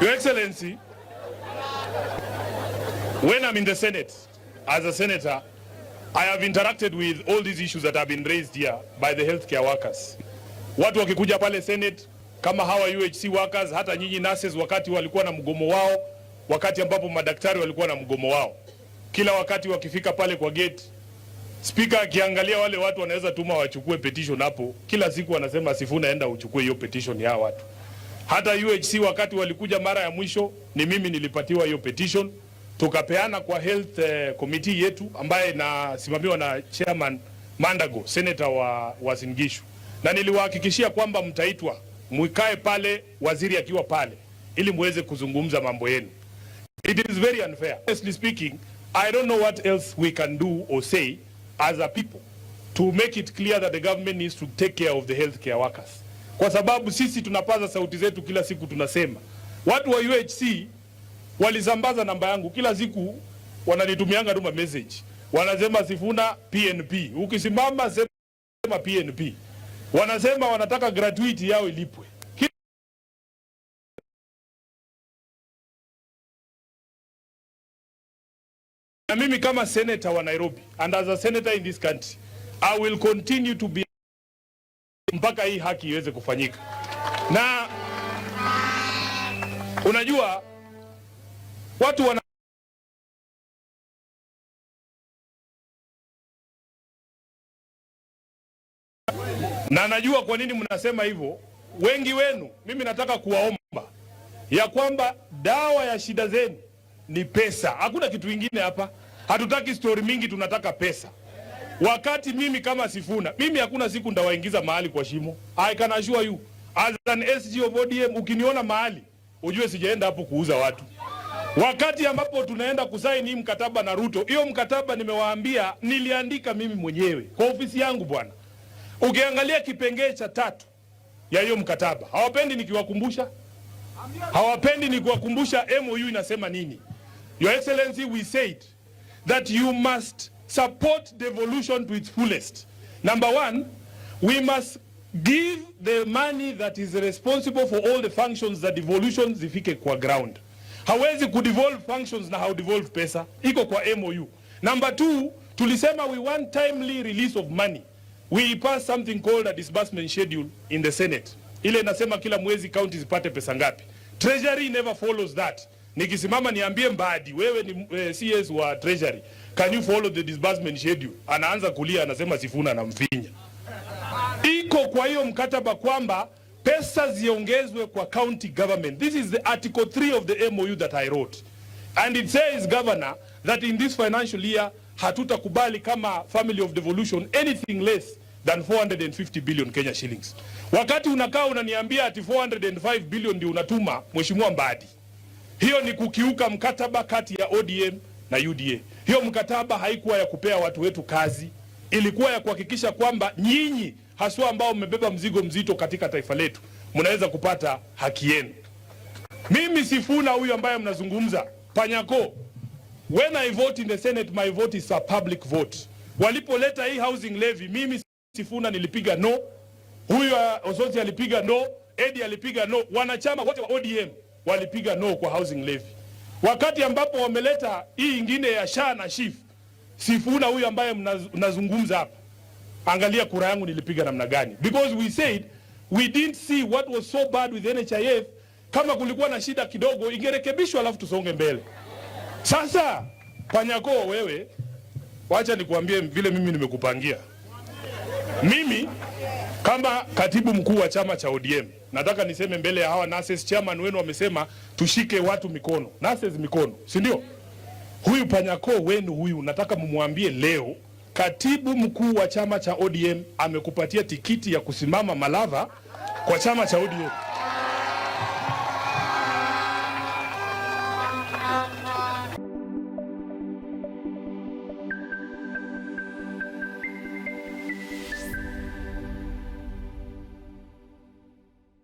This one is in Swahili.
Your Excellency, when I'm in the Senate, as a senator, I have interacted with all these issues that have been raised here by the healthcare workers. Watu wakikuja pale Senate kama hawa UHC workers, hata nyinyi nurses, wakati walikuwa na mgomo wao, wakati ambapo madaktari walikuwa na mgomo wao, kila wakati wakifika pale kwa gate, spika akiangalia wale watu wanaweza tuma wachukue petition hapo, kila siku wanasema Sifuna, enda uchukue hiyo petition ya watu. Hata UHC wakati walikuja mara ya mwisho, ni mimi nilipatiwa hiyo petition, tukapeana kwa health eh, committee yetu ambaye inasimamiwa na chairman Mandago, senator wa Wasingishu, na niliwahakikishia kwamba mtaitwa mwikae pale, waziri akiwa pale, ili muweze kuzungumza mambo yenu. It is very unfair. Honestly speaking, I don't know what else we can do or say as a people to make it clear that the government needs to take care of the healthcare workers kwa sababu sisi tunapaza sauti zetu kila siku, tunasema watu wa UHC walisambaza namba yangu kila siku, wananitumianga tu message, wanasema Sifuna PNP, ukisimama sema PNP. Wanasema wanataka gratuity yao ilipwe na mimi kama senator wa Nairobi and as a senator in this country I will continue to be mpaka hii haki iweze kufanyika. Na unajua watu wana na najua kwa nini mnasema hivyo wengi wenu. Mimi nataka kuwaomba ya kwamba dawa ya shida zenu ni pesa, hakuna kitu kingine hapa. Hatutaki stori mingi, tunataka pesa. Wakati mimi kama Sifuna, mimi hakuna siku ndawaingiza mahali kwa shimo. I can assure you as an SG of ODM, ukiniona mahali ujue sijaenda hapo kuuza watu. Wakati ambapo tunaenda kusaini mkataba na Ruto, hiyo mkataba nimewaambia, niliandika mimi mwenyewe kwa ofisi yangu bwana. Ukiangalia kipengee cha tatu ya hiyo mkataba, hawapendi nikiwakumbusha, hawapendi nikiwakumbusha MOU inasema nini. Your Excellency, we said that you must support devolution to its fullest. Number one, we must give the money that is responsible for all the functions that devolution zifike kwa ground. Hawezi kudevolve functions na how devolve pesa, iko kwa MOU. Number two, tulisema we want timely release of money. We pass something called a disbursement schedule in the Senate. Ile nasema kila mwezi county zipate pesa ngapi. Treasury never follows that. Nikisimama niambie Mbadi, wewe ni eh, CS wa Treasury, can you follow the disbursement schedule? Anaanza kulia, anasema Sifuna na Mfinya. Iko kwa hiyo mkataba kwamba pesa ziongezwe kwa county government. This is the article 3 of the MOU that I wrote. And it says, Governor, that in this financial year hatutakubali kama family of devolution anything less than 450 billion Kenya shillings. Wakati unakaa unaniambia ati 405 billion ndio unatuma Mheshimiwa Mbadi. Hiyo ni kukiuka mkataba kati ya ODM na UDA. Hiyo mkataba haikuwa ya kupea watu wetu kazi, ilikuwa ya kuhakikisha kwamba nyinyi haswa ambao mmebeba mzigo mzito katika taifa letu mnaweza kupata haki yenu. Mimi Sifuna huyu ambaye mnazungumza Panyako, when I vote in the Senate my vote is a public vote. Walipoleta hii housing levy, mimi Sifuna nilipiga no, huyu uh, Osoti alipiga no, Edi alipiga no, wanachama wote wa ODM walipiga no kwa housing levy, wakati ambapo wameleta hii ingine ya sha na shif. Sifuna huyu ambaye mnazungumza hapa, angalia kura yangu nilipiga namna gani, because we said we didn't see what was so bad with NHIF. Kama kulikuwa na shida kidogo ingerekebishwa, alafu tusonge mbele. Sasa Panyako, wewe wacha nikuambie vile mimi nimekupangia mimi kama katibu mkuu wa chama cha ODM, nataka niseme mbele ya hawa nurses, chairman wenu wamesema tushike watu mikono, nurses mikono, si ndio? Huyu panyako wenu huyu, nataka mumwambie leo katibu mkuu wa chama cha ODM amekupatia tikiti ya kusimama Malava kwa chama cha ODM.